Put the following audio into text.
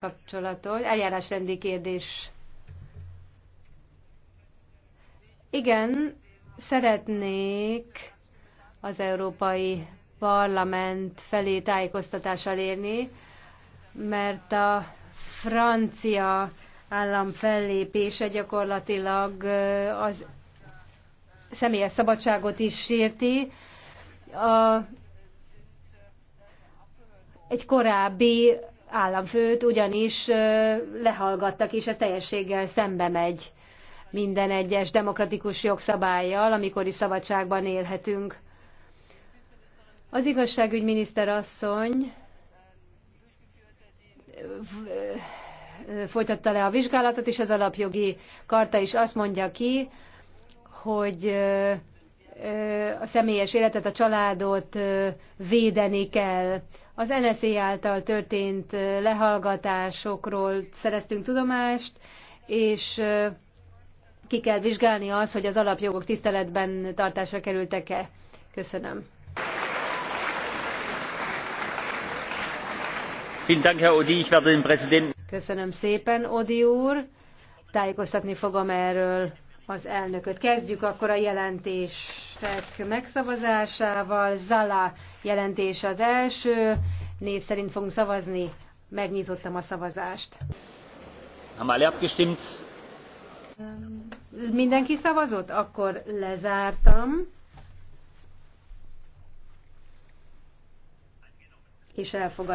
kapcsolatos eljárásrendi kérdés. Igen, szeretnék az Európai Parlament felé tájékoztatással érni, mert a francia állam fellépése gyakorlatilag az személyes szabadságot is sérti. A, egy korábbi államfőt ugyanis lehallgattak, és ez teljességgel szembe megy minden egyes demokratikus jogszabályjal, amikor is szabadságban élhetünk. Az igazságügyminiszter asszony folytatta le a vizsgálatot, és az alapjogi karta is azt mondja ki, hogy a személyes életet, a családot védeni kell. Az NSZI által történt lehallgatásokról szereztünk tudomást, és ki kell vizsgálni az, hogy az alapjogok tiszteletben tartásra kerültek-e. Köszönöm. Köszönöm szépen, Odi úr. Tájékoztatni fogom erről az elnököt. Kezdjük akkor a jelentés testek megszavazásával. Zala jelentés az első. Név szerint fogunk szavazni. Megnyitottam a szavazást. Mindenki szavazott? Akkor lezártam. És elfogadtam.